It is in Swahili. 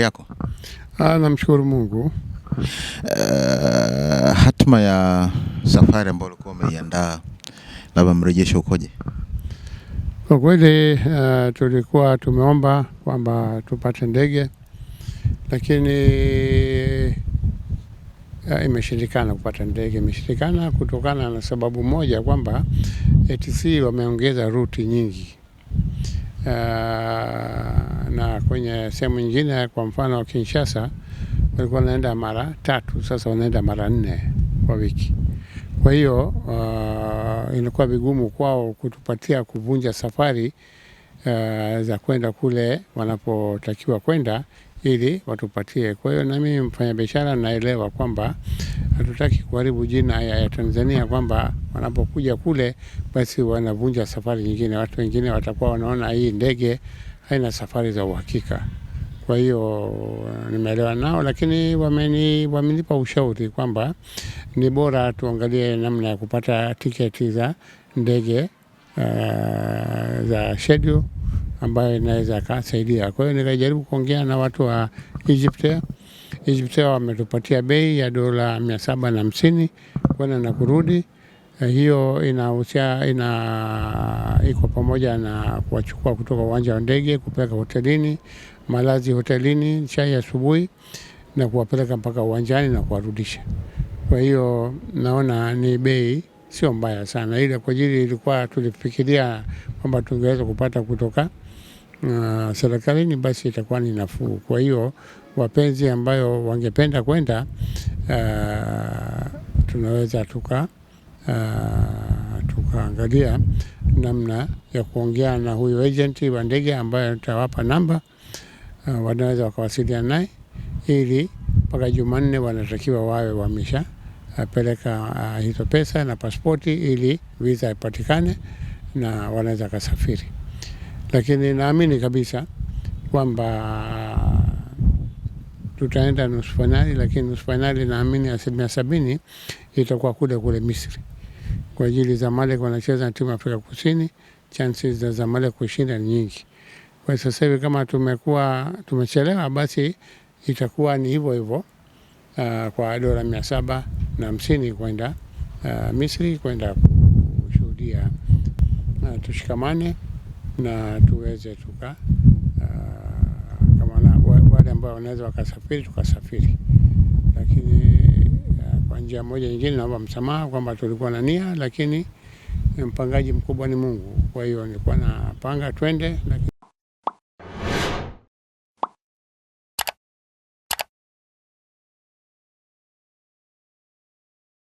yako ah, namshukuru Mungu. Uh, eh, hatma ya safari ambayo ulikuwa umeiandaa labda mrejesho ukoje? Kwa kweli uh, tulikuwa tumeomba kwamba tupate ndege lakini uh, imeshindikana kupata ndege. Imeshindikana kutokana na sababu moja kwamba ATC wameongeza ruti nyingi uh, na kwenye sehemu nyingine, kwa mfano Kinshasa, walikuwa wanaenda mara tatu, sasa wanaenda mara nne kwa wiki. Kwa hiyo uh, ilikuwa vigumu kwao kutupatia kuvunja safari uh, za kwenda kule wanapotakiwa kwenda ili watupatie. Kwa hiyo na mimi mfanyabiashara naelewa kwamba hatutaki kuharibu jina ya, ya Tanzania mm-hmm. kwamba wanapokuja kule basi wanavunja safari nyingine. Watu wengine watakuwa wanaona hii ndege haina safari za uhakika. Kwa hiyo uh, nimeelewa nao, lakini wameni, wamenipa ushauri kwamba ni bora tuangalie namna ya kupata tiketi za ndege uh, za schedule ambayo inaweza kasaidia. Kwa hiyo nikajaribu kuongea na watu wa Egypt. Egypt wametupatia bei ya dola mia saba na hamsini kwenda na kurudi. Eh, hiyo inahusia ina iko pamoja na kuwachukua kutoka uwanja wa ndege kupeleka hotelini, malazi hotelini, chai asubuhi na kuwapeleka mpaka uwanjani na kuwarudisha. Kwa hiyo naona ni bei sio mbaya sana, ila kwa ajili ilikuwa tulifikiria kwamba tungeweza kupata kutoka na serikalini, basi itakuwa ni nafuu. Kwa hiyo wapenzi ambayo wangependa kwenda, uh, tunaweza tuka uh, tukaangalia namna ya kuongea na huyu ajenti wa ndege ambaye tutawapa namba uh, wanaweza wakawasiliana naye ili mpaka Jumanne wanatakiwa wawe wamesha peleka uh, hizo pesa na pasipoti ili visa ipatikane na wanaweza kasafiri lakini naamini kabisa kwamba tutaenda nusu fainali, lakini nusu fainali naamini asilimia sabini itakuwa kule kule Misri kwa ajili Zamalek wanacheza na timu ya Afrika Kusini, chansi za Zamalek kushinda ni nyingi. Kwa sasa hivi kama tumekuwa tumechelewa, basi itakuwa ni hivyo hivyo, uh, kwa dola mia saba na hamsini kwenda uh, Misri kwenda kushuhudia. Uh, tushikamane na tuweze tuka uh, kama na, wale ambao wanaweza wakasafiri tukasafiri, lakini uh, kwa njia moja nyingine, naomba msamaha kwamba tulikuwa na nia, lakini mpangaji mkubwa ni Mungu. Kwa hiyo nilikuwa napanga twende lakini